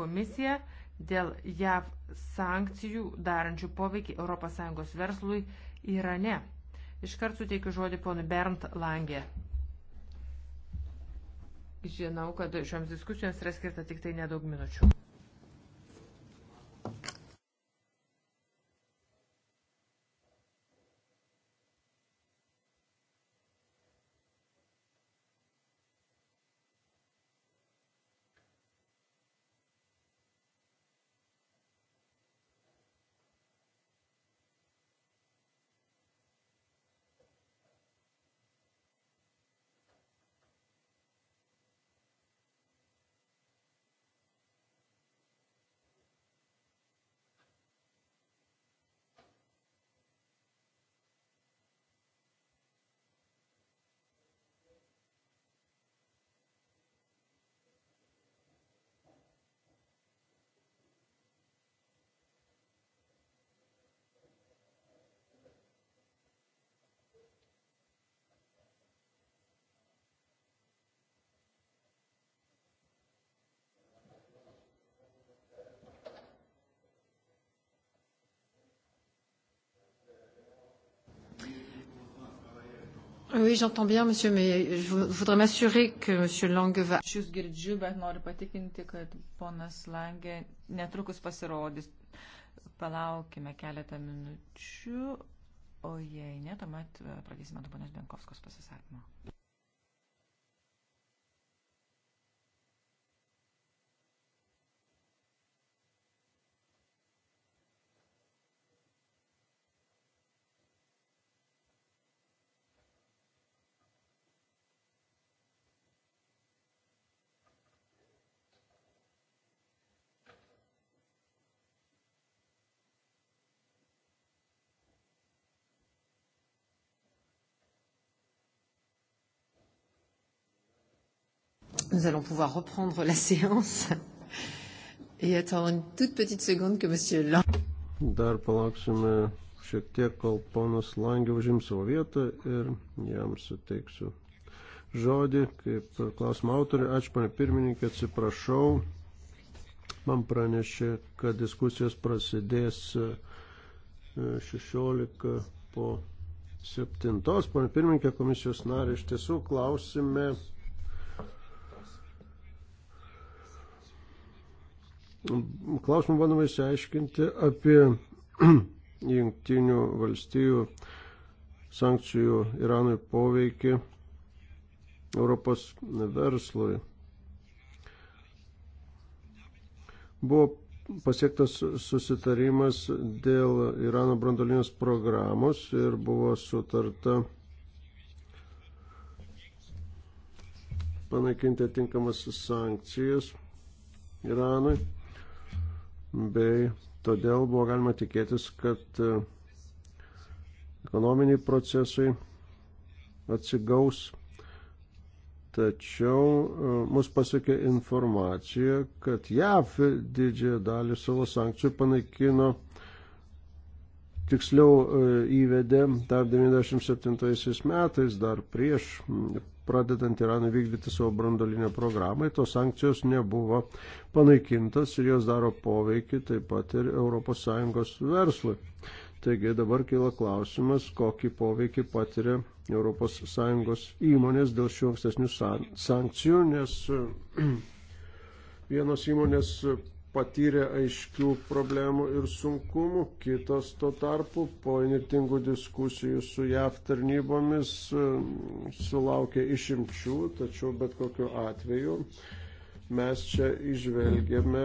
komisija dėl JAV sankcijų darančių poveikį ES verslui Irane. Iškart suteikiu žodį ponui Bernd Langė. Žinau, kad šioms diskusijoms yra skirta tik tai nedaug minučių. Oui, j'entends bien, monsieur, mais je voudrais m'assurer que monsieur Lange va. Aš jūs girdžiu, bet noriu patikinti, kad ponas Lange netrukus pasirodys. Palaukime keletą minučių, o jei ne, tuomet pradėsime nuo ponios Benkovskos pasisakymo. Nous allons pouvoir reprendre la séance et attendre une toute petite seconde que Monsieur Lang. Dar palauksime šiek tiek, kol ponas Langė užims savo vietą ir jam suteiksiu žodį, kaip klausimo autorių. Ačiū, pane pirmininkė, atsiprašau. Man pranešė, kad diskusijos prasidės 16 e, po 7. Pane pirmininkė, komisijos narė, iš tiesų klausime klausimų bandoma įsiaiškinti apie jungtinių valstijų sankcijų Iranui poveikį Europos verslui. Buvo pasiektas susitarimas dėl Irano brandolinės programos ir buvo sutarta panaikinti atinkamas sankcijas Iranui bei todėl buvo galima tikėtis, kad e, ekonominiai procesai atsigaus. Tačiau e, mus pasiekė informacija, kad JAV didžiąją dalį savo sankcijų panaikino, tiksliau e, įvedė dar 97 metais, dar prieš pradedant Iranui vykdyti savo brandolinę programą, tos sankcijos nebuvo panaikintas ir jos daro poveikį taip pat ir ES verslui. Taigi dabar kyla klausimas, kokį poveikį patiria ES įmonės dėl šių ankstesnių sankcijų, nes vienos įmonės patyrė aiškių problemų ir sunkumų, kitos tuo tarpu po inirtingų diskusijų su JAV tarnybomis mm, sulaukė išimčių, tačiau bet kokiu atveju mes čia išvelgėme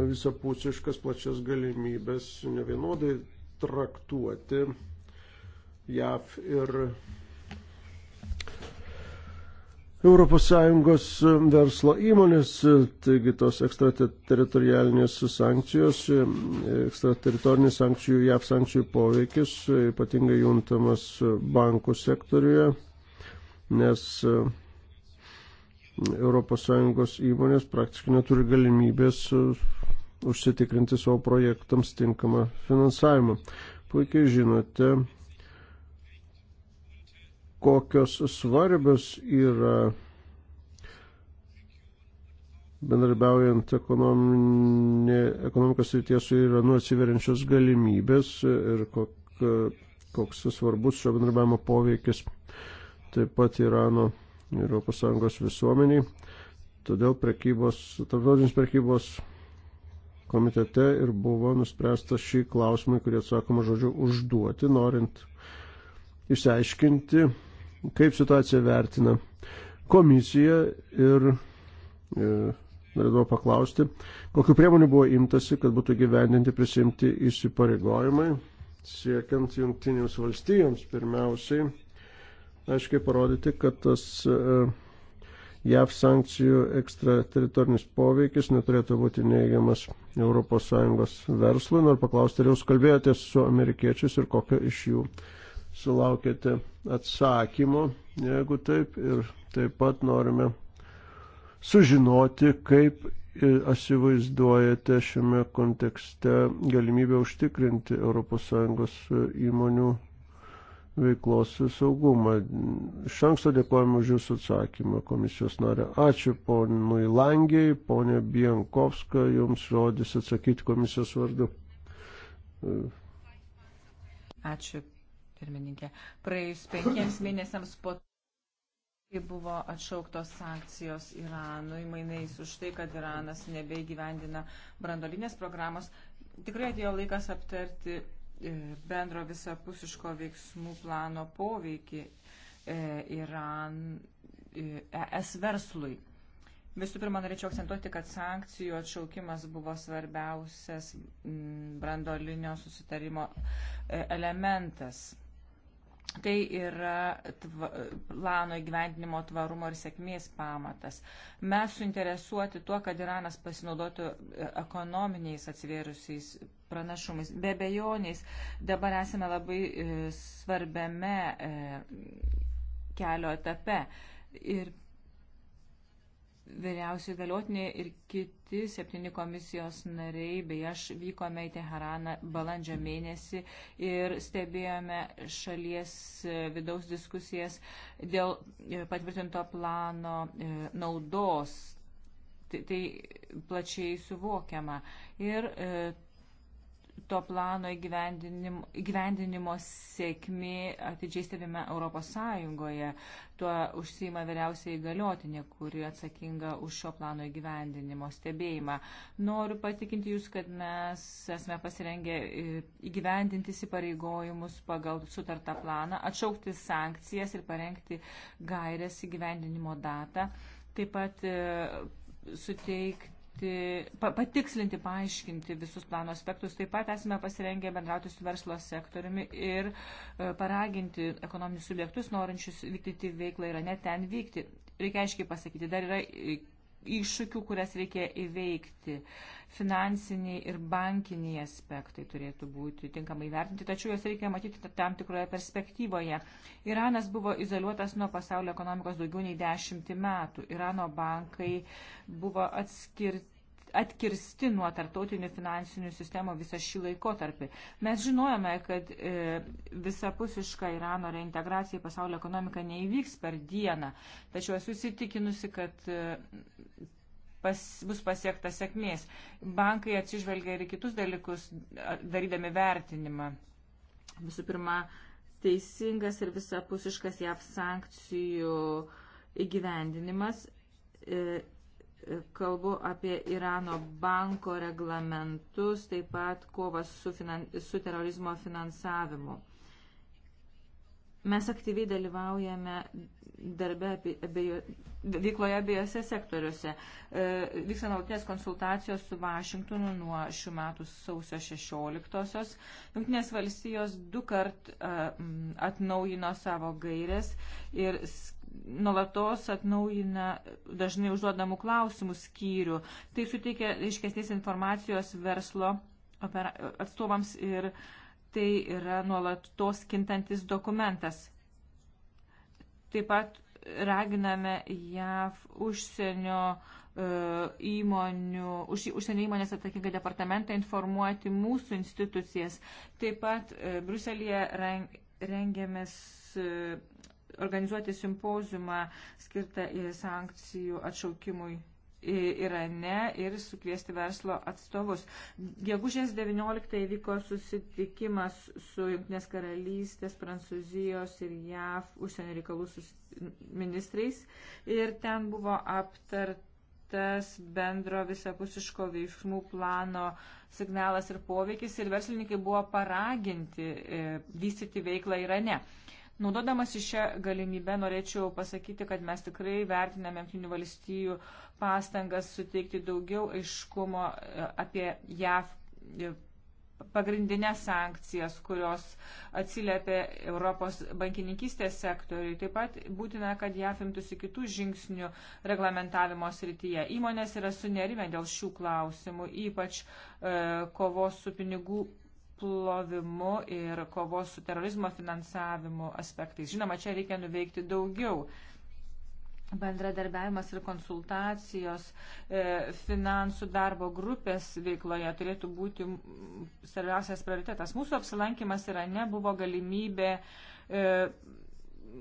visapusiškas plačias galimybės nevienodai traktuoti JAV ir ES e, verslo įmonės, e, taigi tos ekstrateritorialinės sankcijos, e, ekstrateritorinių sankcijų, JAV sankcijų poveikis ypatingai juntamas bankų sektoriuje, nes ES įmonės praktiškai neturi galimybės užsitikrinti savo projektams tinkamą finansavimą. Puikiai žinote, kokios svarbios yra bendarbiaujant ekonomikos ryties su Iranu atsiveriančios galimybės ir kok, koks svarbus šio bendarbiavimo poveikis taip pat Irano ir ES visuomeniai. Todėl prekybos, tarptautinis prekybos komitete ir buvo nuspręsta šį klausimą, kurį atsakoma žodžiu, užduoti, norint išsiaiškinti, kaip situaciją vertina komisija ir e, norėdavo paklausti, kokiu priemonių buvo imtasi, kad būtų gyvendinti prisimti įsipareigojimai, siekiant jungtinėms valstijoms pirmiausiai, aiškiai parodyti, kad tas e, JAV sankcijų ekstrateritorinis poveikis neturėtų būti neigiamas ES verslui. Noriu paklausti, ar jūs kalbėjotės su amerikiečiais ir kokio iš jų sulaukėte atsakymo, jeigu taip, ir taip pat norime sužinoti, kaip įsivaizduojate šiame kontekste galimybę užtikrinti ES įmonių veiklos saugumą. Iš anksto dėkojame už Jūsų atsakymą, komisijos narė. Ačiū ponui Langiai, ponė Bienkovska, Jums žodis atsakyti komisijos vardu. Ačiū pirmininkė. Praėjus penkiems mėnesiams po kai buvo atšauktos sankcijos Iranui, mainais už tai, kad Iranas nebeigyvendina brandolinės programos, tikrai atėjo laikas aptarti e, bendro visapusiško veiksmų plano poveikį e, Iran ES e verslui. Visų pirma, norėčiau akcentuoti, kad sankcijų atšaukimas buvo svarbiausias brandolinio susitarimo elementas Tai yra tva, plano įgyvendinimo tvarumo ir sėkmės pamatas. Mes suinteresuoti tuo, kad Iranas pasinaudotų e, ekonominiais atsivėrusiais pranašumais. Be bejoniais, dabar esame labai e, svarbiame e, kelio etape. Ir vyriausiai galiotinė ir kiti septyni komisijos nariai, bei aš vykome į Teheraną balandžio mėnesį ir stebėjome šalies e, vidaus diskusijas dėl e, patvirtinto plano e, naudos. Tai, tai plačiai suvokiama. Ir e, to plano įgyvendinimo, įgyvendinimo sėkmė atidžiai stebime Europos Sąjungoje. Tuo užsima vyriausiai galiotinė, kuri atsakinga už šio plano įgyvendinimo stebėjimą. Noriu patikinti Jūs, kad mes esame pasirengę e, įgyvendinti įsipareigojimus pagal sutartą planą, atšaukti sankcijas ir parengti gairias įgyvendinimo datą. Taip pat e, suteikti pateikti, pa, patikslinti, paaiškinti visus plano aspektus. Taip pat esame pasirengę bendrauti su verslo sektoriumi ir e, paraginti ekonominius subjektus, norinčius vykdyti veiklą ir ne ten vykti. Reikia aiškiai pasakyti, dar yra iššūkių, kurias reikia įveikti. Finansiniai ir bankiniai aspektai turėtų būti tinkamai vertinti, tačiau juos reikia matyti tam tikroje perspektyvoje. Iranas buvo izoliuotas nuo pasaulio ekonomikos daugiau nei dešimtį metų. Irano bankai buvo atskirti atkirsti nuo tartautinių finansinių sistemų visą šį laikotarpį. Mes žinojome, kad e, visapusiška Irano reintegracija į pasaulio ekonomiką neįvyks per dieną, tačiau esu įsitikinusi, kad e, pas, bus pasiekta sėkmės. Bankai atsižvelgia ir kitus dalykus, darydami vertinimą. Visų pirma, teisingas ir visapusiškas JAV sankcijų įgyvendinimas. E, kalbu apie Irano banko reglamentus, taip pat kovas su, finan, su terorizmo finansavimu. Mes aktyviai dalyvaujame darbe abejo, veikloje abiejose sektoriuose. E, vyksta nuolatinės konsultacijos su Vašingtonu nuo šių metų sausio 16-osios. Junktinės valstijos du kart e, atnaujino savo gairės ir skirti nuolatos atnaujina dažnai užduodamų klausimų skyrių. Tai suteikia aiškesnės informacijos verslo atstovams ir tai yra nuolatos kintantis dokumentas. Taip pat raginame JAV užsienio e, įmonių, už, užsienio įmonės atsakingą departamentą informuoti mūsų institucijas. Taip pat e, Bruselėje rengiamės e, organizuoti simpozumą skirtą sankcijų atšaukimui Irane ir sukviesti verslo atstovus. Gegužės 19 įvyko susitikimas su Junktinės karalystės, Prancūzijos ir JAV užsienio reikalų ministrais ir ten buvo aptartas bendro visapusiško veiksmų plano signalas ir poveikis ir verslininkai buvo paraginti e, vystyti veiklą Irane. E, Naudodamas į šią galimybę norėčiau pasakyti, kad mes tikrai vertiname Junktinių valstybių pastangas suteikti daugiau aiškumo e, apie JAV e, pagrindinės sankcijas, kurios atsiliepia Europos bankininkystės sektoriui. Taip pat būtina, kad JAF imtųsi kitų žingsnių reglamentavimo srityje. Įmonės yra sunerime dėl šių klausimų, ypač e, kovos su pinigų plovimu ir kovos su terorizmo finansavimu aspektais. Žinoma, čia reikia nuveikti daugiau. Bendradarbiavimas ir konsultacijos e, finansų darbo grupės veikloje turėtų būti svarbiausias prioritetas. Mūsų apsilankimas Irane buvo galimybė e,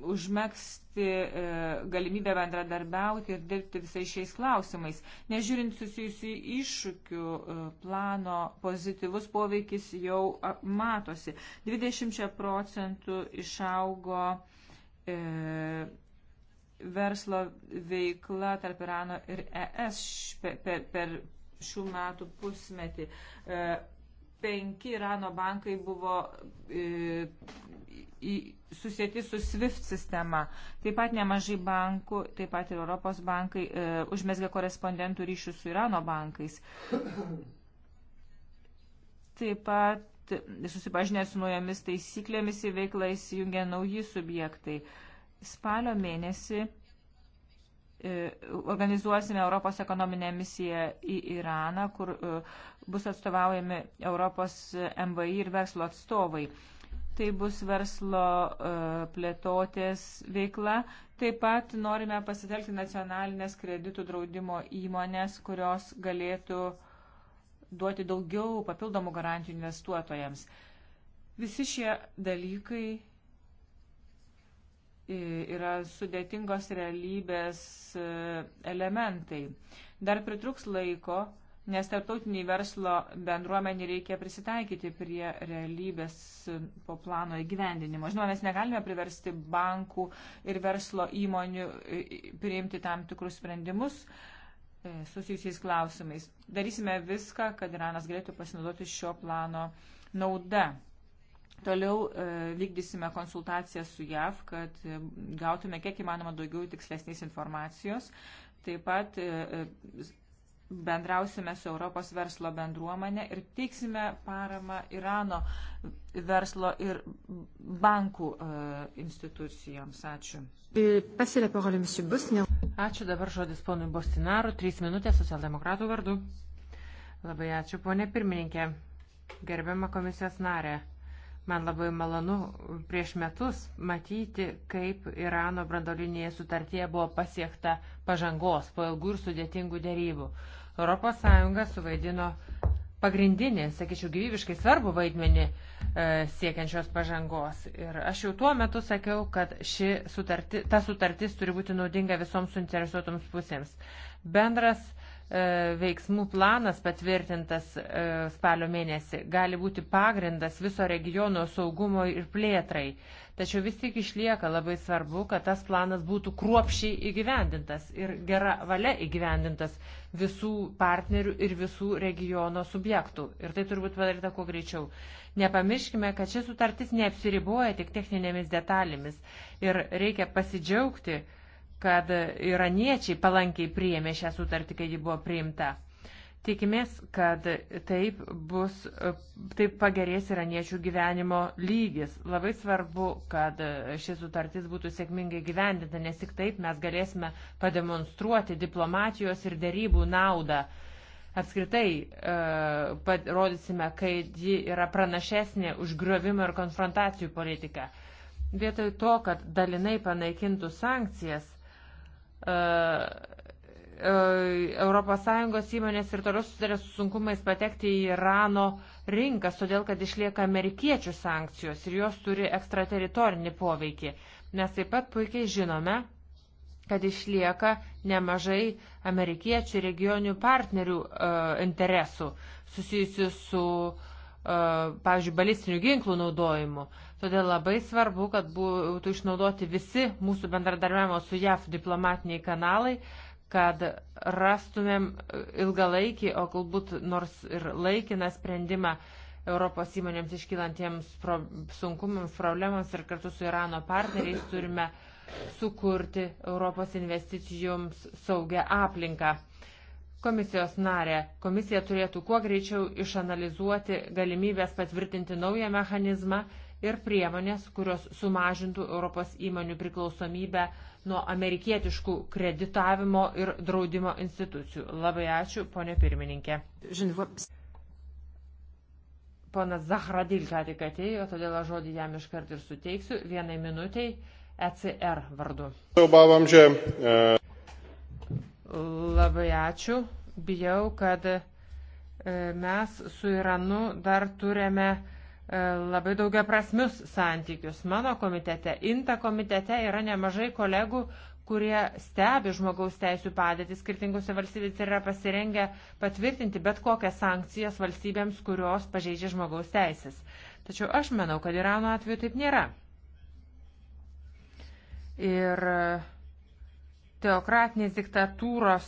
užmėgsti e, galimybę bendradarbiauti ir dirbti visais šiais klausimais. Nežiūrint susijusių iššūkių, e, plano pozityvus poveikis jau a, matosi. 20 procentų išaugo e, verslo veikla tarp Irano ir ES per, per šių metų pusmetį. E, penki Irano bankai buvo e, į, susėti su SWIFT sistema. Taip pat nemažai bankų, taip pat ir Europos bankai e, užmesgė korespondentų ryšių su Irano bankais. Taip pat susipažinę su naujomis taisyklėmis į veiklą įsijungia nauji subjektai. Spalio mėnesį E, organizuosime Europos ekonominę misiją į Iraną, kur e, bus atstovaujami Europos MVI ir verslo atstovai. Tai bus verslo e, plėtotės veikla. Taip pat norime pasitelkti nacionalinės kreditų draudimo įmonės, kurios galėtų duoti daugiau papildomų garantijų investuotojams. Visi šie dalykai yra sudėtingos realybės e, elementai. Dar pritruks laiko, nes tarptautiniai verslo bendruomenį reikia prisitaikyti prie realybės e, po plano įgyvendinimo. Žinoma, mes negalime priversti bankų ir verslo įmonių e, priimti tam tikrus sprendimus susijusiais klausimais. Darysime viską, kad Iranas galėtų pasinaudoti šio plano nauda. Toliau e, vykdysime konsultaciją su JAV, kad e, gautume kiek įmanoma daugiau tikslesnės informacijos. Taip pat e, bendrausime su Europos verslo bendruomenė ir teiksime paramą Irano verslo ir bankų institucijoms. Ačiū. Ačiū dabar žodis ponui Bostinaru. Trys minutės socialdemokratų vardu. Labai ačiū, ponė pirmininkė. Gerbiama komisijos narė. Man labai malonu prieš metus matyti, kaip Irano brandolinėje sutartyje buvo pasiekta pažangos po ilgų ir sudėtingų dėrybų. ES suvaidino pagrindinį, sakyčiau, gyvybiškai svarbu vaidmenį e, siekiančios pažangos. Ir aš jau tuo metu sakiau, kad ši sutarti, ta sutartis turi būti naudinga visoms suinteresuotoms pusėms. Bendras E, veiksmų planas patvirtintas e, spalio mėnesį gali būti pagrindas viso regiono saugumo ir plėtrai. Tačiau vis tik išlieka labai svarbu, kad tas planas būtų kruopšiai įgyvendintas ir gera valia įgyvendintas visų partnerių ir visų regiono subjektų. Ir tai turbūt padaryta kuo greičiau. Nepamirškime, kad šis sutartis neapsiriboja tik techninėmis detalėmis ir reikia pasidžiaugti, kad iraniečiai palankiai priėmė šią sutartį, kai ji buvo priimta. Tikimės, kad taip bus, taip pagerės iraniečių gyvenimo lygis. Labai svarbu, kad šis sutartis būtų sėkmingai gyvendinta, nes tik taip mes galėsime pademonstruoti diplomatijos ir dėrybų naudą. Apskritai, e, parodysime, kad ji yra pranašesnė už griovimo ir konfrontacijų politiką. Vietoj to, kad dalinai panaikintų sankcijas, ES įmonės ir toliau susidarė su sunkumais patekti į Irano rinkas, todėl kad išlieka amerikiečių sankcijos ir jos turi ekstrateritorinį poveikį. Mes taip pat puikiai žinome, kad išlieka nemažai amerikiečių regionių partnerių e, interesų susijusių su e, pavyzdžiui, balistinių ginklų naudojimu. Todėl labai svarbu, kad būtų išnaudoti visi mūsų bendradarbiavimo su JAF diplomatiniai kanalai, kad rastumėm ilgalaikį, o galbūt nors ir laikiną sprendimą Europos įmonėms iškylantiems pro, sunkumams, problemams ir kartu su Irano partneriais turime sukurti Europos investicijoms saugę aplinką. Komisijos narė, komisija turėtų kuo greičiau išanalizuoti galimybės patvirtinti naują mechanizmą ir priemonės, kurios sumažintų Europos įmonių priklausomybę nuo amerikietiškų kreditavimo ir draudimo institucijų. Labai ačiū, ponė pirmininkė. Ponas Zahradil ką tik atėjo, todėl aš žodį jam iškart ir suteiksiu vienai minutiai ECR vardu. Obavam, že, e... Labai ačiū. Bijau, kad e, mes su Iranu dar turime e, labai daugia prasmius santykius. Mano komitete, INTA komitete yra nemažai kolegų, kurie stebi žmogaus teisų padėtį skirtingose valstybėse ir yra pasirengę patvirtinti bet kokias sankcijas valstybėms, kurios pažeidžia žmogaus teisės. Tačiau aš manau, kad Irano atveju taip nėra. Ir uh, teokratinės diktatūros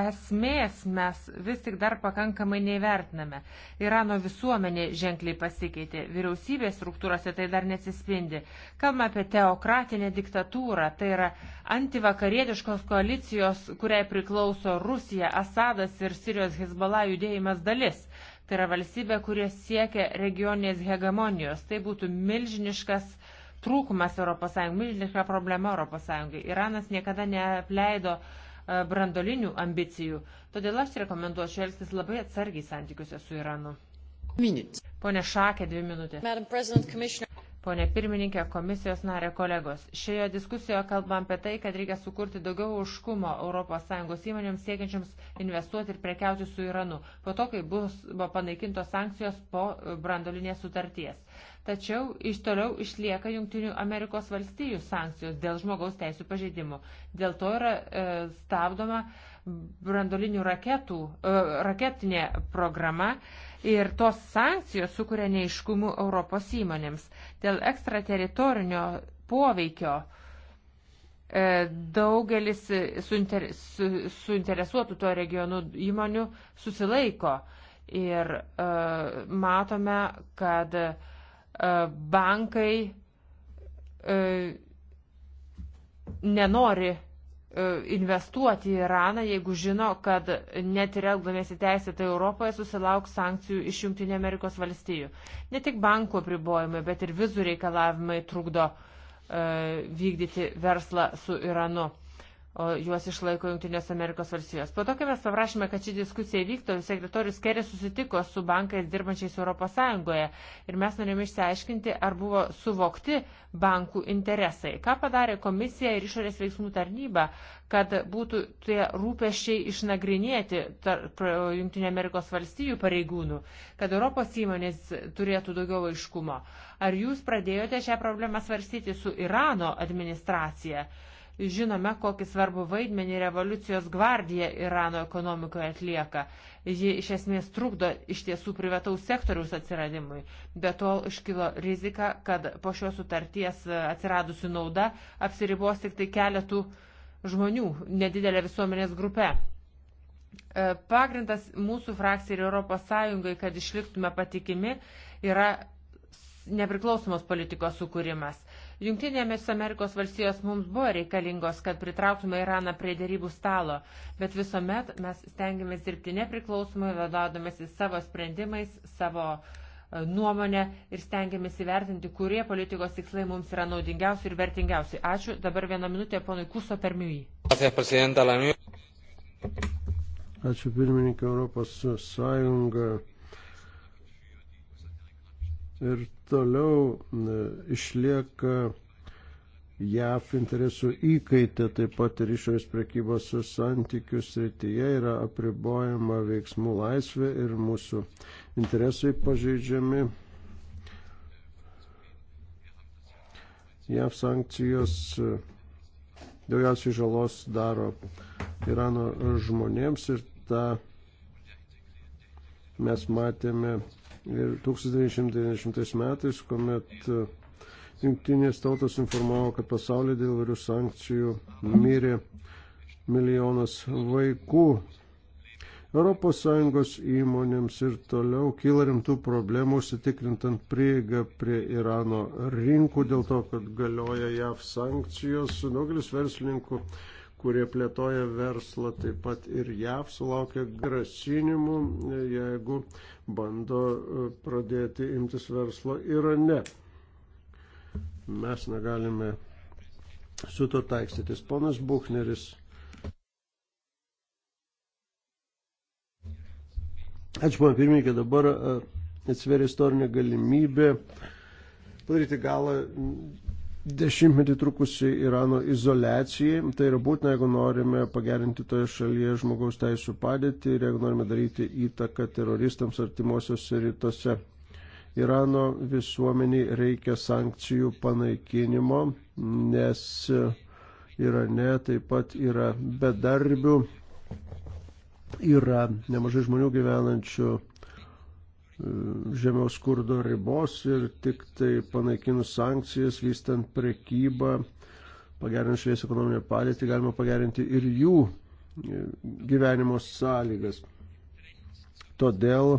esmės mes vis tik dar pakankamai neįvertiname. Irano visuomenė ženkliai pasikeitė, vyriausybės struktūrose tai dar nesispindi. Kalbame apie teokratinę diktatūrą, tai yra antivakarietiškos koalicijos, kuriai priklauso Rusija, Asadas ir Sirijos Hezbollah judėjimas dalis. Tai yra valstybė, kurie siekia regioninės hegemonijos. Tai būtų milžiniškas uh, trūkumas ES, milžiniška problema ES. Iranas niekada neapleido e, brandolinių ambicijų, todėl aš rekomenduočiau elgtis labai atsargiai santykiuose su Iranu. Minutes. Pone Šakė, dvi minutės. Pone pirmininkė, komisijos narė kolegos, šioje diskusijoje kalbam apie tai, kad reikia sukurti daugiau užkumo ES įmonėms siekiančiams investuoti ir prekiauti su Iranu, po to, kai bus, buvo panaikintos sankcijos po brandolinės sutarties. Tačiau iš toliau išlieka Junktinių Amerikos valstijų sankcijos dėl žmogaus teisų pažeidimų. Dėl to yra e, stabdoma brandolinių raketų, e, raketinė programa. E, Ir tos sankcijos sukuria neiškumų Europos įmonėms. Dėl ekstrateritorinio poveikio e, daugelis suinter, su, suinteresuotų tuo regionu įmonių susilaiko. Ir uh, e, matome, kad uh, e, bankai uh, e, nenori E, investuoti į Iraną, jeigu žino, kad net ir elgdamėsi teisėtai Europoje susilauks sankcijų iš Junktinė Amerikos valstijų. Ne tik bankų apribojimai, bet ir vizų reikalavimai trukdo uh, vykdyti verslą su Iranu o juos išlaiko Junktinės Amerikos valstijos. Po to, kai mes paprašėme, kad ši diskusija vyktų, sekretorius Kerė susitiko su bankais dirbančiais ES ir mes norėjome išsiaiškinti, ar buvo suvokti bankų interesai. Ką padarė komisija ir išorės veiksmų tarnyba, kad būtų tie rūpeščiai išnagrinėti Junktinė Amerikos valstijų pareigūnų, kad Europos įmonės turėtų daugiau aiškumo. Ar jūs pradėjote šią problemą svarstyti su Irano administracija? Žinome, kokį svarbų vaidmenį revoliucijos gvardija Irano ekonomikoje atlieka. Ji iš esmės trukdo iš tiesų privataus sektoriaus atsiradimui. Be to iškilo rizika, kad po šios sutarties atsiradusi nauda apsiribos tik tai keletų žmonių, nedidelė visuomenės grupė. E, pagrindas mūsų frakcijai ir Europos Sąjungai, kad išliktume patikimi, yra nepriklausomos politikos sukūrimas. Junktinėmis Amerikos valstijos mums buvo reikalingos, kad pritrauktume Iraną prie dėrybų stalo, bet visuomet mes stengiamės dirbti nepriklausomai, vadovaudomėsi savo sprendimais, savo e, nuomonę ir stengiamės įvertinti, kurie politikos tikslai mums yra naudingiausi ir vertingiausi. Ačiū. Dabar vieną minutę ponui Kuso per miui. Ačiū pirmininkai Europos Sąjunga ir toliau e, išlieka JAF interesų įkaitė, taip pat ir išorės prekybos santykių srityje yra apribojama veiksmų laisvė ir mūsų interesai pažeidžiami. JAF sankcijos e, daugiausiai žalos daro Irano žmonėms ir tą mes matėme Ir 1990 metais, kuomet e, jungtinės tautos informavo, kad pasaulyje dėl varių sankcijų mirė milijonas vaikų. ES įmonėms ir toliau kyla rimtų problemų užsitikrintant prieigą prie Irano rinkų dėl to, kad galioja JAV sankcijos. Daugelis verslininkų kurie plėtoja verslą, taip pat ir JAV sulaukia grasinimų, jeigu bando e, pradėti imtis verslo Irane. Mes negalime su to taikstytis. Ponas Buchneris. Ačiū, man pirmininkė, dabar e, atsveria istorinė galimybė padaryti galą dešimtmetį trukusi Irano izolacijai. Tai yra būtina, jeigu norime pagerinti toje šalyje žmogaus teisų padėtį ir jeigu norime daryti įtaką teroristams artimuosiuose rytuose. Irano visuomeniai reikia sankcijų panaikinimo, nes Irane taip pat yra bedarbių, yra nemažai žmonių gyvenančių žemiaus skurdo ribos ir tik tai panaikinus sankcijas, vystant prekybą, pagerinant šalies ekonominę padėtį, galima pagerinti ir jų e, gyvenimo sąlygas. Todėl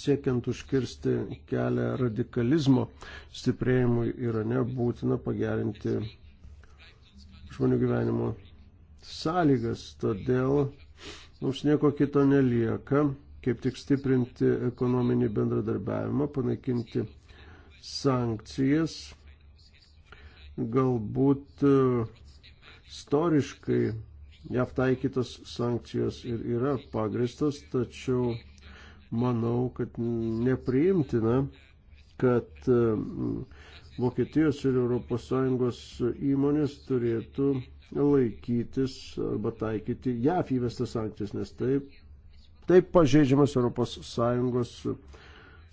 siekiant užkirsti kelią radikalizmo stiprėjimui yra nebūtina pagerinti žmonių gyvenimo sąlygas, todėl mums nieko kito nelieka, kaip tik stiprinti ekonominį bendradarbiavimą, panaikinti sankcijas, galbūt e, istoriškai JAV taikytos sankcijos ir yra pagristos, tačiau manau, kad nepriimtina, kad e, Vokietijos ir ES įmonės turėtų laikytis arba taikyti JAF įvestas sankcijas, nes taip, taip pažeidžiamas ES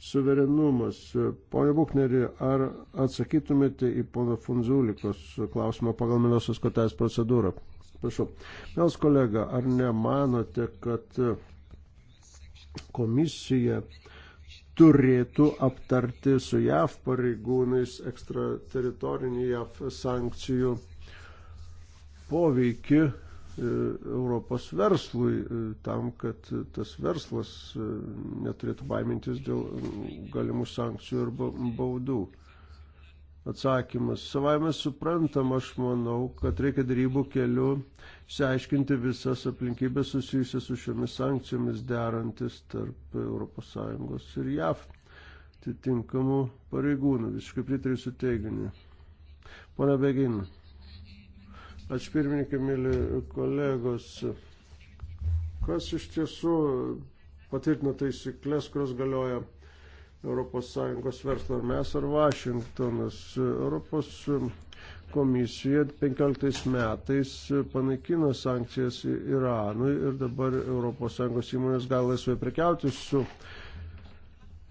suverenumas. Pone Bukneri, ar atsakytumėte į pono Funzulikos klausimą pagal Minosios kortelės procedūrą? Prašau. Mels kolega, ar nemanote, kad komisija turėtų aptarti su JAV pareigūnais ekstrateritorinį JAV sankcijų poveikį e, Europos verslui e, tam, kad tas verslas e, neturėtų baimintis dėl galimų sankcijų arba baudų. Atsakymas. Savaime suprantam, aš manau, kad reikia darybų keliu išsiaiškinti visas aplinkybės susijusias su šiomis sankcijomis derantis tarp ES ir JAV atitinkamų pareigūnų. Visiškai pritariu su teiginiu. Pone Begin. Aš pirmininkai, mėly kolegos, kas iš tiesų patvirtino taisyklės, kurios galioja ES verslo, ar mes ar Vašingtonas. Europos komisija 15 metais panaikino sankcijas Iranui ir dabar ES įmonės gali laisvai prekiauti su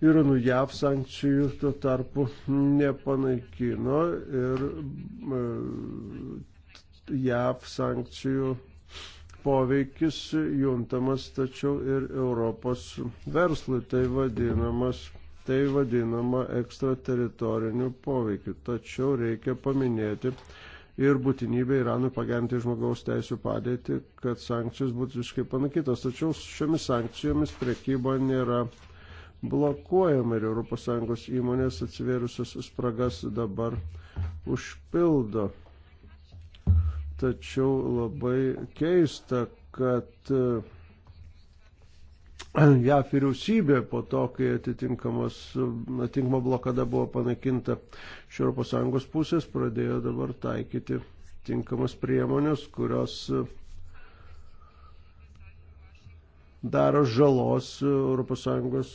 Iranu JAV sankcijų tuo tarpu nepanaikino ir e, JAV sankcijų poveikis juntamas tačiau ir Europos verslui, tai vadinamas tai vadinama ekstrateritoriniu poveikiu. Tačiau reikia paminėti ir būtinybę Iranui pagerinti žmogaus teisų padėtį, kad sankcijos būtų visiškai panakytos. Tačiau šiomis sankcijomis prekyba nėra blokuojama ir ES įmonės atsivėrusias spragas dabar užpildo. Tačiau labai keista, kad e, JAF vyriausybė po to, kai atitinkama blokada buvo panaikinta iš ES pusės, pradėjo dabar taikyti tinkamas priemonės, kurios uh, daro žalos ES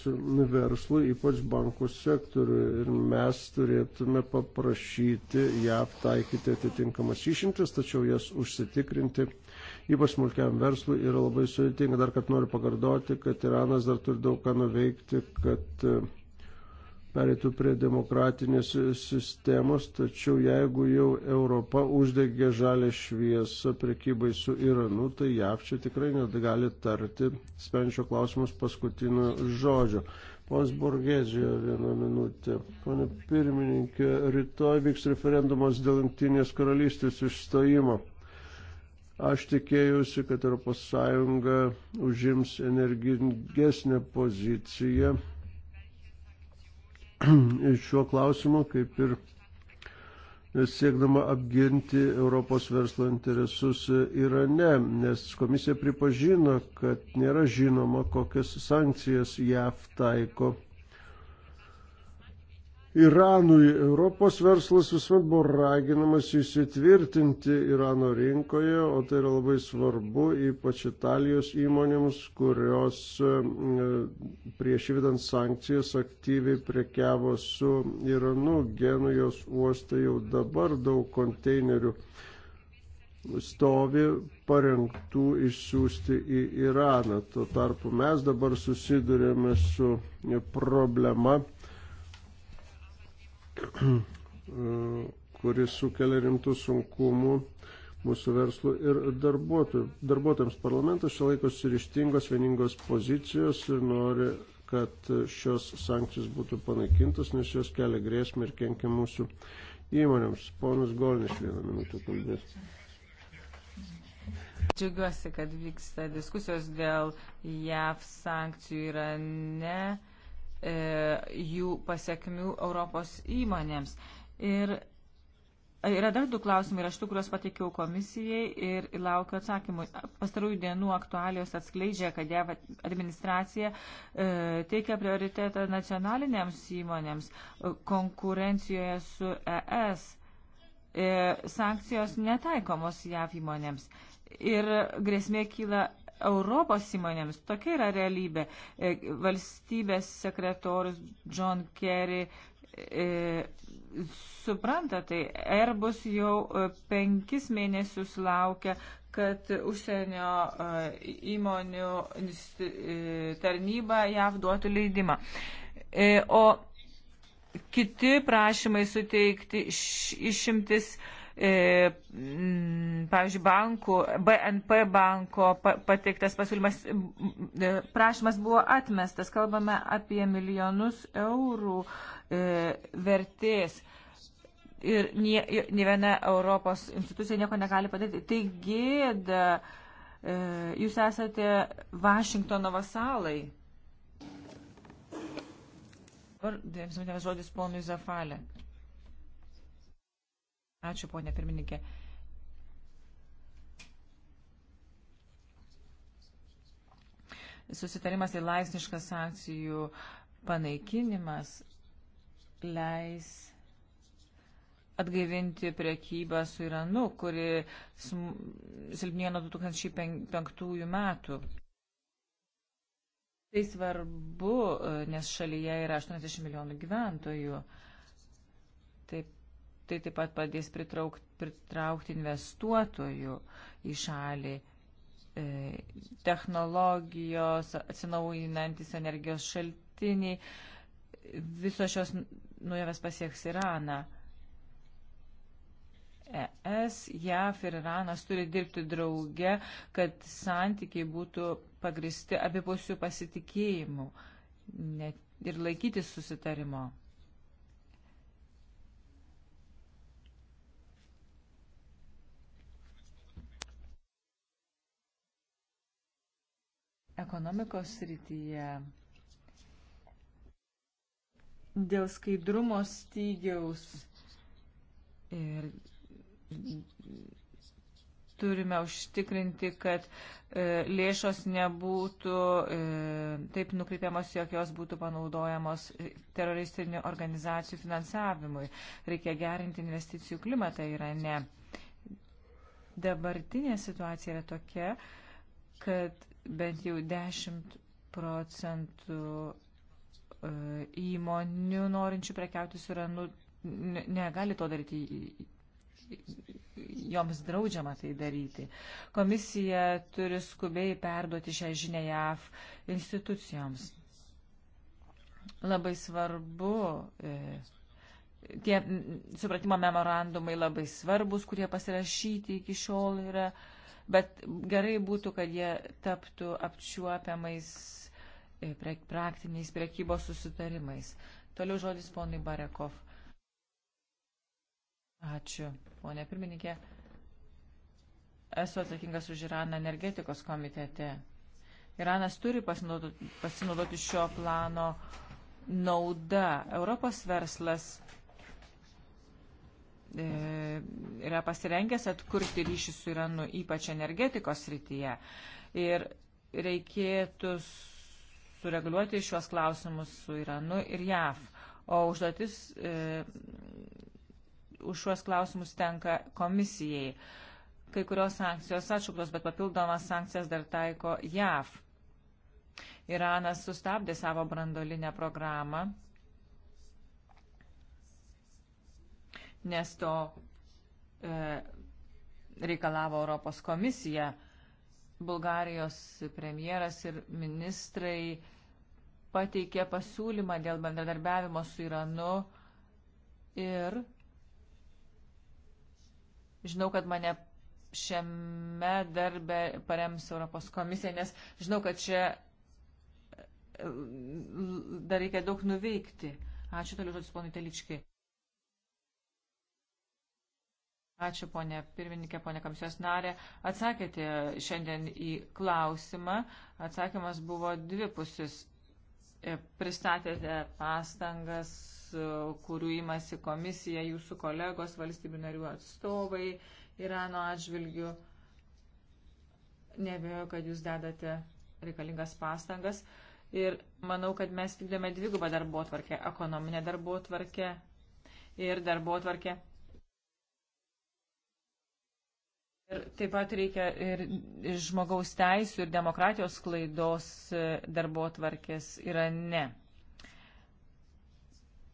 verslui, ypač bankų sektoriui. Ir mes turėtume paprašyti JAV taikyti atitinkamas išimtis, tačiau jas užsitikrinti ypač smulkiam verslui yra labai sudėtinga. Dar kad noriu pakartoti, kad Iranas dar turi daug ką nuveikti, kad uh, perėtų prie demokratinės sistemos, tačiau jeigu jau Europa uždegė žalę šviesą prekybai su Iranu, tai JAV čia tikrai negali tarti spenčio klausimus paskutinio žodžio. Pons Borgėdžio vieną minutę. Pane pirmininkė, rytoj vyks referendumas dėl Junktinės karalystės išstojimo. Aš tikėjausi, kad ES užims energingesnę poziciją šiuo klausimu, kaip ir siekdama apginti Europos verslo interesus Irane, nes komisija pripažino, kad nėra žinoma, kokias sankcijas JAV taiko Iranui Europos verslas visuomet buvo raginamas įsitvirtinti Irano rinkoje, o tai yra labai svarbu, ypač Italijos įmonėms, kurios e, prieš įvedant sankcijas aktyviai prekiavo su Iranu. Genujos uostai jau dabar daug konteinerių stovi parengtų išsiųsti į Iraną. Tuo tarpu mes dabar susidurėme su problema kuris sukelia rimtų sunkumų mūsų verslų ir darbuotojams. Parlamentas čia laikosi ryštingos vieningos pozicijos ir nori, kad šios sankcijos būtų panaikintos, nes jos kelia grėsmę ir kenkia mūsų įmonėms. Ponas Golnis vieną minutę kalbės. Džiaugiuosi, kad vyksta diskusijos dėl JAV sankcijų yra ne E, jų pasiekmių Europos įmonėms. Ir yra dar du klausimai raštų, kuriuos pateikiau komisijai ir laukiu atsakymų. Pastarųjų dienų aktualijos atskleidžia, kad jav administracija e, teikia prioritetą nacionalinėms įmonėms e, konkurencijoje su ES. E, sankcijos netaikomos jav įmonėms. Ir grėsmė kyla Europos įmonėms. Tokia yra realybė. E, valstybės sekretorius John Kerry e, supranta, tai Airbus jau e, penkis mėnesius laukia, kad užsienio įmonių tarnyba JAV duotų leidimą. O kiti prašymai suteikti išimtis. Iš E, pavyzdžiui, bankų, BNP banko pateiktas pasiūlymas, e, prašymas buvo atmestas, kalbame apie milijonus eurų e, vertės. Ir nie, nie viena Europos institucija nieko negali padaryti. Tai gėda, jūs esate Vašingtono vasalai. Dabar dviems minutėms žodis ponui Zafalė. Ačiū, ponė pirmininkė. Susitarimas ir tai laisniškas sankcijų panaikinimas leis atgaivinti priekybą su Iranu, kuri silpnėjo nuo 2005 metų. Tai svarbu, e, nes šalyje yra 80 milijonų gyventojų. Tai taip pat padės pritraukti, pritraukti investuotojų į šalį e, technologijos, atsinaujinantis energijos šaltiniai, visos šios nuėvės pasieks Iraną. ES, JAF ir Iranas turi dirbti drauge, kad santykiai būtų pagristi abipusių pasitikėjimų ir laikytis susitarimo. ekonomikos srityje dėl skaidrumo stygiaus ir turime užtikrinti, kad e, lėšos nebūtų e, taip nukreipiamos, jog jos būtų panaudojamos e, teroristinių organizacijų finansavimui. Reikia gerinti investicijų klimatą, yra ne. Dabartinė situacija yra tokia, kad bent jau 10 procentų e, įmonių norinčių prekiauti su Iranu negali to daryti, joms draudžiama tai daryti. Komisija turi skubiai perduoti šią žinę JAV institucijoms. Labai svarbu, e, tie supratimo memorandumai labai svarbus, kurie pasirašyti iki šiol yra. E, bet gerai būtų, kad jie taptų apčiuopiamais e, praktiniais priekybos susitarimais. Toliau žodis ponui Barekov. Ačiū, ponė pirmininkė. Esu atsakingas už Iraną energetikos komitete. Iranas turi pasinaudoti šio plano nauda. Europos verslas E, yra pasirengęs atkurti ryšį su Iranu, ypač energetikos srityje. Ir reikėtų sureguliuoti šiuos klausimus su Iranu ir JAV. O užduotis e, už šiuos klausimus tenka komisijai. Kai kurios sankcijos atšauktos, bet papildomas sankcijas dar taiko JAV. Iranas sustabdė savo brandolinę programą nes to e, reikalavo Europos komisija. Bulgarijos premjeras ir ministrai pateikė pasiūlymą dėl bendradarbiavimo su Iranu ir žinau, kad mane šiame darbe parems Europos komisija, nes žinau, kad čia e, dar reikia daug nuveikti. Ačiū toliau žodžius, ponai Teličkai. Ačiū, ponė pirmininkė, ponė komisijos narė. Atsakėte šiandien į klausimą. Atsakymas buvo dvipusis. E, pristatėte pastangas, e, kurių įmasi komisija, jūsų kolegos, valstybių narių atstovai Irano atžvilgių. Nebejoju, kad jūs dedate reikalingas pastangas. Ir manau, kad mes vykdome dvigubą darbo tvarkę - ekonominę darbo tvarkę ir darbo tvarkę Ir taip pat reikia ir žmogaus teisų ir demokratijos klaidos e, darbo tvarkės yra ne.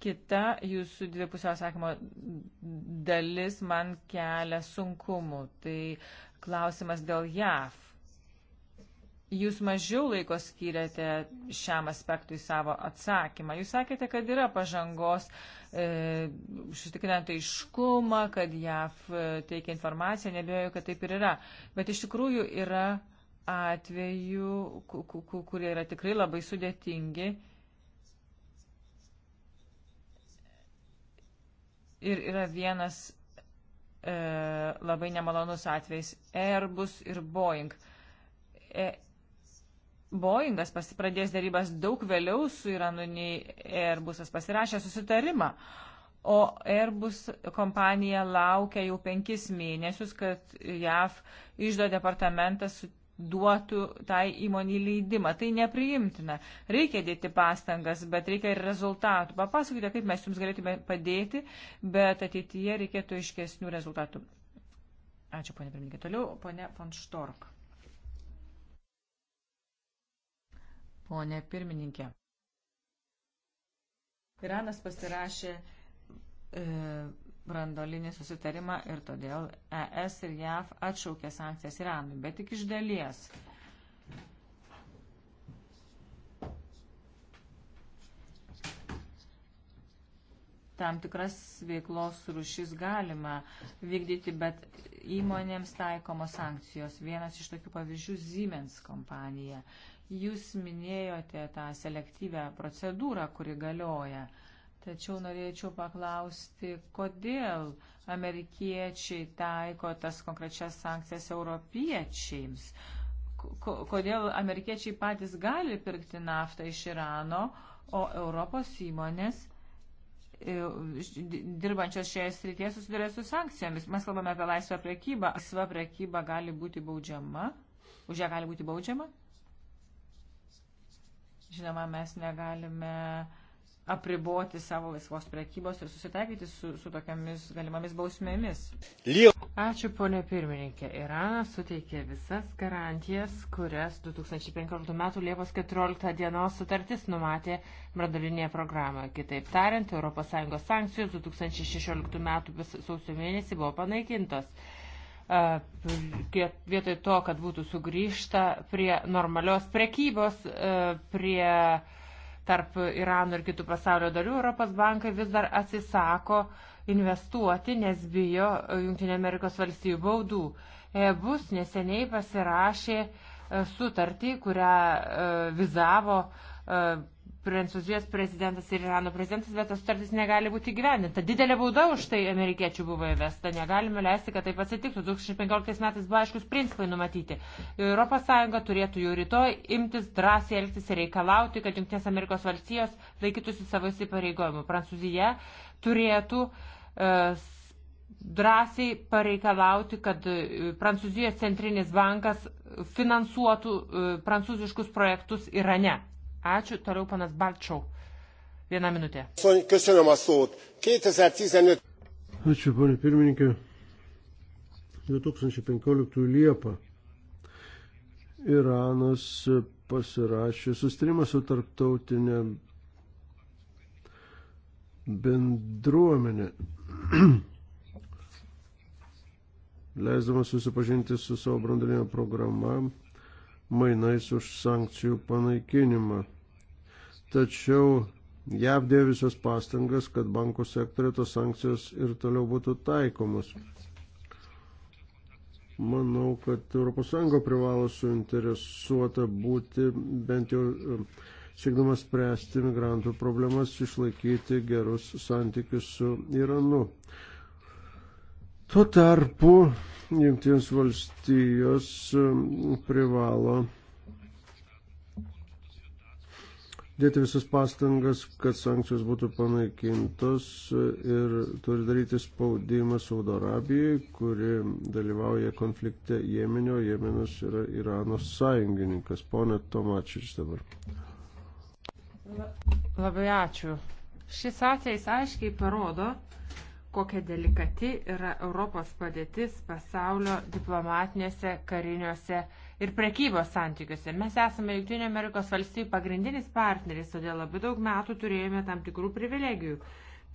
Kita jūsų dvipusio atsakymo dalis man kelia sunkumų. Tai klausimas dėl JAV jūs mažiau laiko skiriate šiam aspektui savo atsakymą. Jūs sakėte, kad yra pažangos, e, sutikrinant aiškumą, kad JAF e, teikia informaciją, nebejoju, kad taip ir yra. Bet iš tikrųjų yra atvejų, kurie yra tikrai labai sudėtingi. Ir yra vienas e, labai nemalonus atvejs Airbus ir Boeing. E, Boeingas pradės darybas daug vėliau su Iranu nei Airbusas pasirašė susitarimą. O Airbus kompanija laukia jau penkis mėnesius, kad JAV išdo departamentas duotų tai įmonį leidimą. Tai nepriimtina. Reikia dėti pastangas, bet reikia ir rezultatų. Papasakokite, kaip mes jums galėtume padėti, bet ateityje reikėtų iškesnių rezultatų. Ačiū, ponė Pirmininkė. Toliau, ponė von Štork. ponė pirmininkė. Iranas pasirašė e, brandolinį susitarimą ir todėl ES ir JAV atšaukė sankcijas Iranui, bet tik iš dalies. Tam tikras veiklos rušis galima vykdyti, bet įmonėms taikomos sankcijos. Vienas iš tokių pavyzdžių Siemens kompanija. Jūs minėjote tą selektyvę procedūrą, kuri galioja. Tačiau norėčiau paklausti, kodėl amerikiečiai taiko tas konkrečias sankcijas europiečiams. Kodėl amerikiečiai patys gali pirkti naftą iš Irano, o Europos įmonės e, dirbančios šioje srityje susiduria su sankcijomis. Mes kalbame apie laisvą prekybą. Laisva prekyba gali būti baudžiama. Už ją gali būti baudžiama? Žinoma, mes negalime apriboti savo laisvos prekybos ir susitaikyti su, su tokiamis galimomis bausmėmis. Ačiū, ponė pirmininkė. Iranas suteikė visas garantijas, kurias 2015 m. Liepos 14 d. sutartis numatė brandalinėje programoje. Kitaip tariant, ES sankcijos 2016 m. sausio mėnesį buvo panaikintos vietoj to, kad būtų sugrįžta prie normalios prekybos, e, prie tarp Irano ir kitų pasaulio dalių, Europos bankai vis dar atsisako investuoti, nes bijo Junktinė Amerikos valstybių baudų. E, bus neseniai pasirašė e, sutartį, kurią vizavo Prancūzijos prezidentas ir Irano prezidentas, bet tas sutartis negali būti gyvendinta. Didelė bauda už tai amerikiečių buvo įvesta. Negalime leisti, kad taip atsitiktų. 2015 metais buvo aiškus principai numatyti. ES turėtų jau rytoj imtis drąsiai elgtis ir reikalauti, kad JAV laikytųsi savo įsipareigojimų. Prancūzija turėtų uh, drąsiai pareikalauti, kad e, Prancūzijos centrinis bankas finansuotų e, prancūziškus projektus Irane. Ačiū, toliau panas Balčiau. Viena minutė. Köszönöm a szót. 2015. Ačiū, ponė pirmininkė. 2015 Liepą Iranas pasirašė sustarimą su tarptautinė bendruomenė, leisdamas susipažinti su savo brandalinio programa mainais už sankcijų panaikinimą. Tačiau JAV dėjo visas pastangas, kad bankų sektorė tos sankcijos ir toliau būtų taikomos. Manau, kad ES privalo suinteresuota būti bent jau um, siekdama spręsti migrantų problemas, išlaikyti gerus santykius su Iranu. Tuo tarpu Junktinės valstijos um, privalo dėti visas pastangas, kad sankcijos būtų panaikintos ir turi daryti spaudimą Saudo Arabijai, kuri dalyvauja konflikte Jemenio. Jemenas yra Irano sąjungininkas. Pone Tomačič dabar. Labai ačiū. Šis atvejs aiškiai parodo, kokia delikati yra Europos padėtis pasaulio diplomatinėse, kariniuose ir prekybos santykiuose. Mes esame Junktinio Amerikos valstybių pagrindinis partneris, todėl labai daug metų turėjome tam tikrų privilegijų.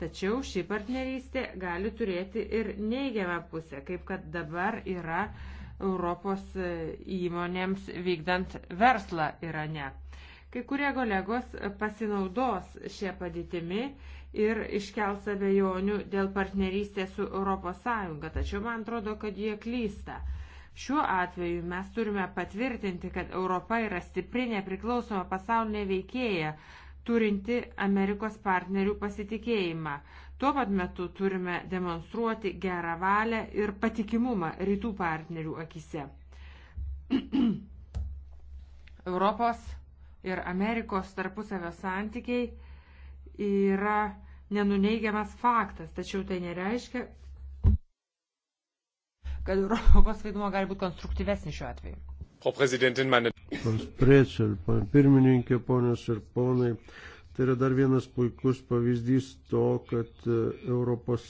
Tačiau ši partnerystė gali turėti ir neigiamą pusę, kaip kad dabar yra Europos e, įmonėms vykdant verslą Irane. Kai kurie kolegos pasinaudos šią padėtimi ir iškels abejonių dėl partnerystės su ES, tačiau man atrodo, kad jie klysta. Šiuo atveju mes turime patvirtinti, kad Europa yra stipri nepriklausoma pasaulinė veikėja, turinti Amerikos partnerių pasitikėjimą. Tuo pat metu turime demonstruoti gerą valią ir patikimumą rytų partnerių akise. Europos ir Amerikos tarpusavio santykiai yra nenuneigiamas faktas, tačiau tai nereiškia, kad Europos vaidmuo gali būti konstruktyvesnis šiuo atveju. Frau Präsidentin, meine Prečel, pirmininkė, ponios ir ponai, tai yra dar vienas puikus pavyzdys to, kad e, Europos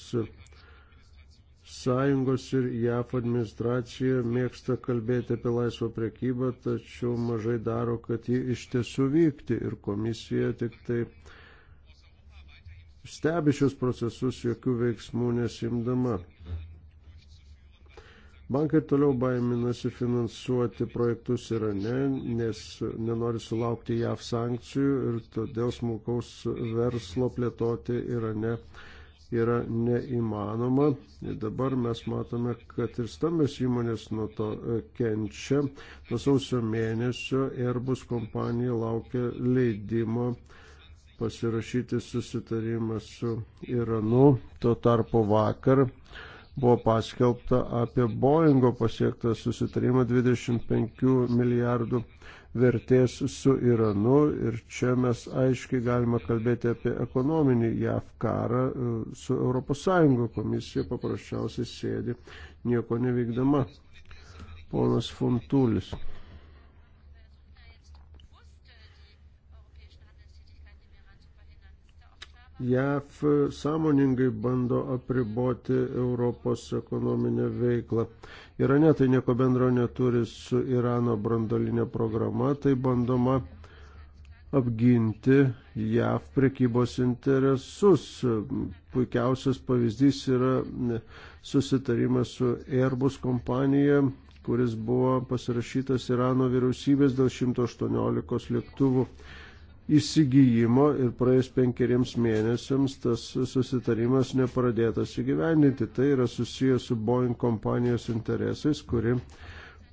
Sąjungos ir JAF administracija mėgsta kalbėti apie laisvą priekybą, tačiau mažai daro, kad ji iš tiesų vykti ir komisija tik tai uh, stebi šios procesus, jokių veiksmų nesimdama. Bankai toliau baiminasi finansuoti projektus Irane, nes nenori sulaukti JAV sankcijų ir todėl smulkaus verslo plėtoti Irane yra neįmanoma. Ir dabar mes matome, kad ir stambios įmonės nuo to e, kenčia. Nuo sausio mėnesio Airbus kompanija laukia leidimo pasirašyti susitarimą su Iranu. Tuo tarpu vakar buvo paskelbta apie Boeingo pasiektą susitarimą 25 milijardų vertės su Iranu ir čia mes aiškiai galime kalbėti apie ekonominį JAV karą e, su ES. Komisija paprasčiausiai sėdi nieko neveikdama. Ponas Funtulis. JAF sąmoningai bando apriboti Europos ekonominę veiklą. Irane tai nieko bendro neturi su Irano brandolinė programa, tai bandoma apginti JAF prekybos interesus. Puikiausias pavyzdys yra susitarimas su Airbus kompanija, kuris buvo pasirašytas Irano vyriausybės dėl 118 lėktuvų įsigijimo ir praėjus penkeriems mėnesiams tas susitarimas nepradėtas įgyvendinti. Tai yra susijęs su Boeing kompanijos interesais, kuri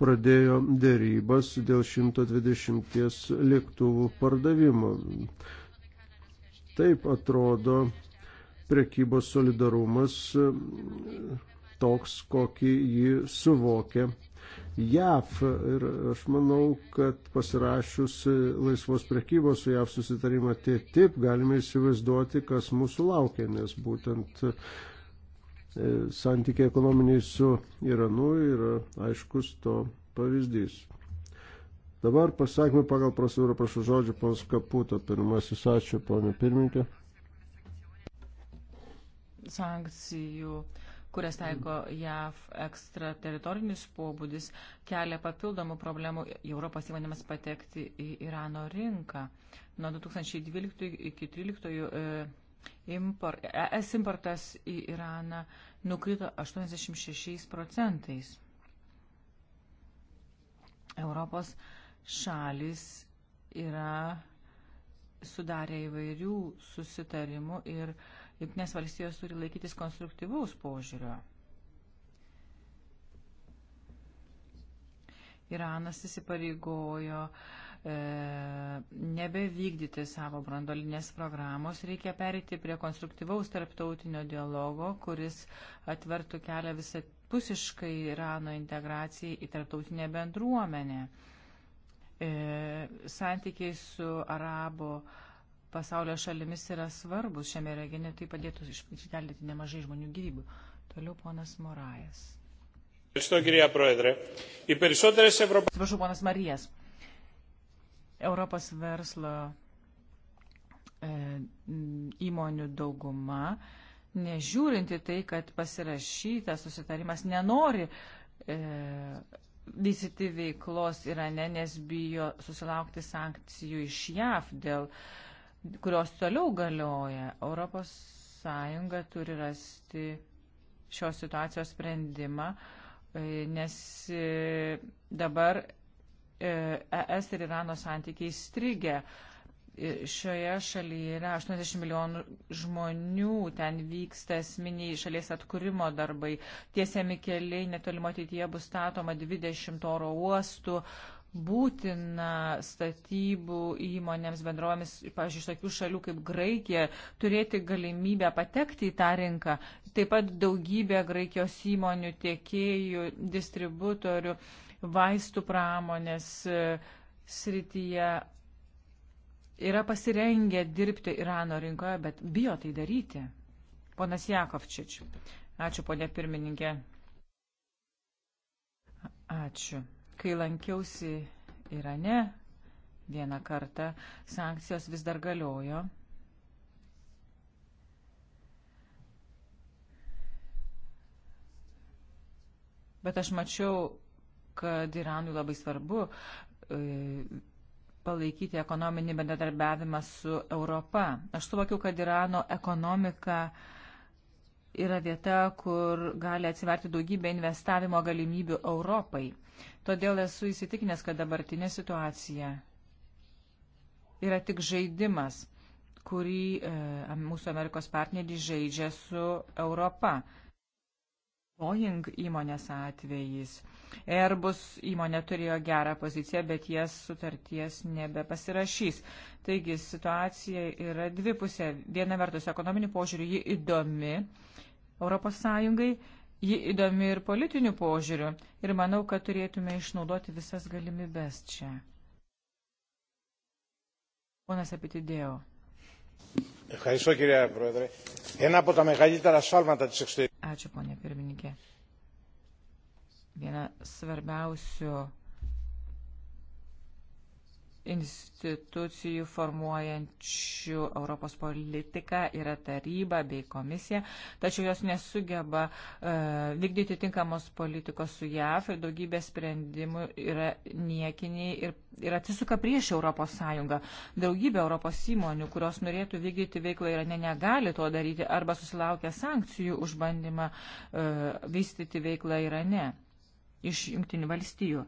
pradėjo dėrybas dėl 120 lėktuvų pardavimo. Taip atrodo prekybos solidarumas toks, kokį jį suvokė JAV. Ir aš manau, kad pasirašius laisvos prekybos su JAV susitarimą TTIP galime įsivaizduoti, kas mūsų laukia, nes būtent e, santykiai ekonominiai su Iranu yra aiškus to pavyzdys. Dabar pasakymai pagal procedūrą, prašau žodžiu, ponas Kaputo, pirmasis, ačiū, ponė pirmininkė. Sankcijų uh, kurias mm. taiko JAV ekstrateritorinis pobūdis, kelia papildomų problemų Europos įmonėms patekti į Irano rinką. Nuo 2012 iki 2013 e, impor, ES importas į Iraną nukrito 86 procentais. Europos šalis yra sudarė įvairių susitarimų ir uh, Junktinės valstijos turi laikytis konstruktyvaus požiūrio. Iranas įsipareigojo e, nebevykdyti savo brandolinės programos, reikia perėti prie konstruktyvaus tarptautinio dialogo, kuris atvertų kelią visą pusiškai Irano integracijai į tarptautinę bendruomenę. E, santykiai su arabo e, pasaulio šalimis yra svarbus šiame regione, tai padėtų išgelbėti nemažai žmonių gyvybių. Toliau ponas Morajas. Atsiprašau, ponas Marijas. Europos verslo e, įmonių dauguma, nežiūrinti tai, kad pasirašytas susitarimas nenori e, vystyti veiklos Irane, nes bijo susilaukti sankcijų iš JAV dėl e, kurios toliau galioja. Europos Sąjunga turi rasti šios situacijos sprendimą, e, nes e, dabar ES e ir Irano santykiai strigė. Šioje šalyje yra 80 milijonų žmonių, ten vyksta esminiai šalies atkūrimo darbai, tiesiami keliai, netolimo ateityje bus statoma 20 oro uostų, būtina statybų įmonėms bendrovėmis, pavyzdžiui, iš tokių šalių kaip Graikija, turėti galimybę patekti į tą rinką. Taip pat daugybė Graikijos įmonių, tiekėjų, distributorių, vaistų pramonės e, srityje yra pasirengę dirbti Irano rinkoje, bet bijo tai daryti. Ponas Jakovčič. Ačiū, ponė pirmininkė. Ačiū. Kai lankiausi Irane vieną kartą, sankcijos vis dar galiojo. Bet aš mačiau, kad Iranui labai svarbu e, palaikyti ekonominį bendradarbiavimą su Europa. Aš suvokiau, kad Irano ekonomika uh, yra vieta, kur gali atsiverti daugybę investavimo galimybių Europai. Todėl esu įsitikinęs, kad dabartinė situacija yra tik žaidimas, kurį e, mūsų Amerikos partneriai žaidžia su Europa. Boeing įmonės atvejais. Airbus įmonė turėjo gerą poziciją, bet jie sutarties nebepasirašys. Taigi situacija yra dvipusė. Viena vertus ekonominių požiūrių ji įdomi ES, ji įdomi ir politinių požiūrių. Ir manau, kad turėtume išnaudoti visas galimybes čia. Ponas Apitidėjo. Ευχαριστώ κυρία Πρόεδρε. Ένα από τα μεγαλύτερα σφάλματα της εξωτερικής Ačiū, ponė pirmininkė. Viena svarbiausių institucijų formuojančių Europos politiką yra taryba bei komisija, tačiau jos nesugeba uh, vykdyti tinkamos politikos su JAF ir daugybė sprendimų yra niekiniai ir, ir atsisuka prieš Europos Sąjungą. Daugybė Europos įmonių, kurios norėtų vykdyti veiklą ir ne, negali to daryti arba susilaukia sankcijų už bandymą uh, vystyti veiklą ir ne iš jungtinių valstijų.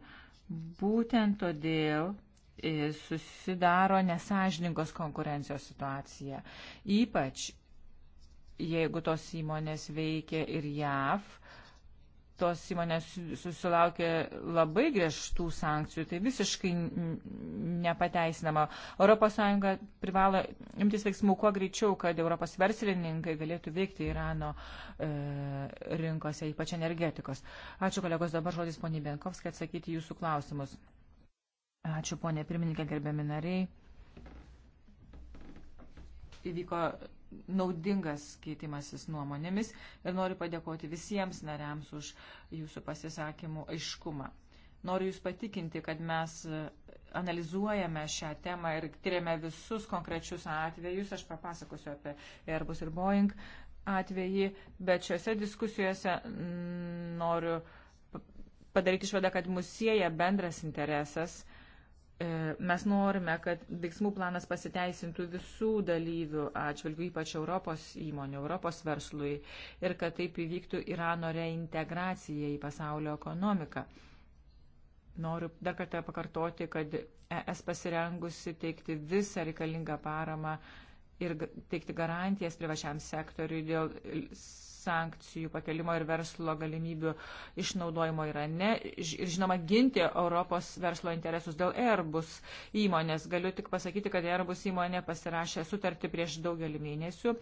Būtent todėl E, susidaro nesažiningos konkurencijos situacija. Ypač jeigu tos įmonės veikia ir JAV, tos įmonės susilaukė labai griežtų sankcijų, tai visiškai nepateisinama. ES privalo imtis veiksmų kuo greičiau, kad Europos verslininkai galėtų veikti Irano e, rinkose, ypač energetikos. Ačiū kolegos, dabar žodis poniai Benkovskai atsakyti jūsų klausimus. Ačiū, ponė pirmininkė, gerbiami nariai. Įvyko naudingas keitimasis nuomonėmis ir noriu padėkoti visiems nariams už jūsų pasisakymų aiškumą. Noriu Jūs patikinti, kad mes analizuojame šią temą ir tyriame visus konkrečius atvejus. Aš papasakosiu apie Airbus ir Boeing atvejį, bet šiuose diskusijose mm, noriu padaryti išvadą, kad musieja bendras interesas E, mes norime, kad veiksmų planas pasiteisintų visų dalyvių atžvilgių, ypač Europos įmonių, Europos verslui ir kad taip įvyktų Irano reintegracija į pasaulio ekonomiką. Noriu dar kartą pakartoti, kad ES pasirengusi teikti visą reikalingą paramą ir teikti garantijas privačiam sektoriui dėl sankcijų pakelimo ir verslo galimybių išnaudojimo Irane ir žinoma ginti Europos verslo interesus dėl Airbus įmonės. Galiu tik pasakyti, kad Airbus įmonė pasirašė sutartį prieš daugelį mėnesių.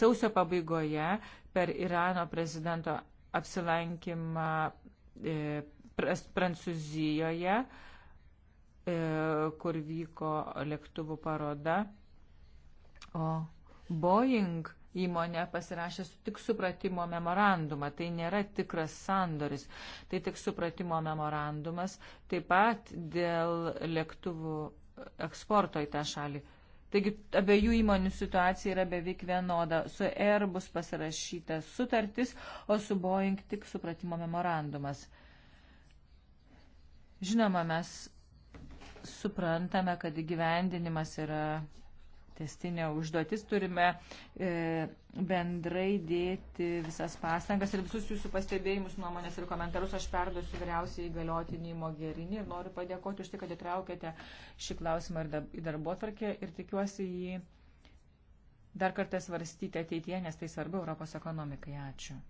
Sausio pabaigoje per Irano prezidento apsilankimą e, Prancūzijoje, e, kur vyko lėktuvų paroda. O Boeing įmonė pasirašė su tik supratimo memorandumą. Tai nėra tikras sandoris, tai tik supratimo memorandumas, taip pat dėl lėktuvų eksporto į tą šalį. Taigi abiejų įmonių situacija yra beveik vienoda. Su Air bus pasirašyta sutartis, o su Boeing tik supratimo memorandumas. Žinoma, mes suprantame, kad įgyvendinimas yra testinė užduotis. Turime e, bendrai dėti visas pastangas ir visus jūsų pastebėjimus, nuomonės ir komentarus aš perduosiu vyriausiai įgaliotinį Mogerinį ir noriu padėkoti už tai, kad įtraukėte šį klausimą į darbo tvarkę ir tikiuosi jį dar kartą svarstyti ateityje, nes tai svarbu Europos ekonomikai. Ačiū.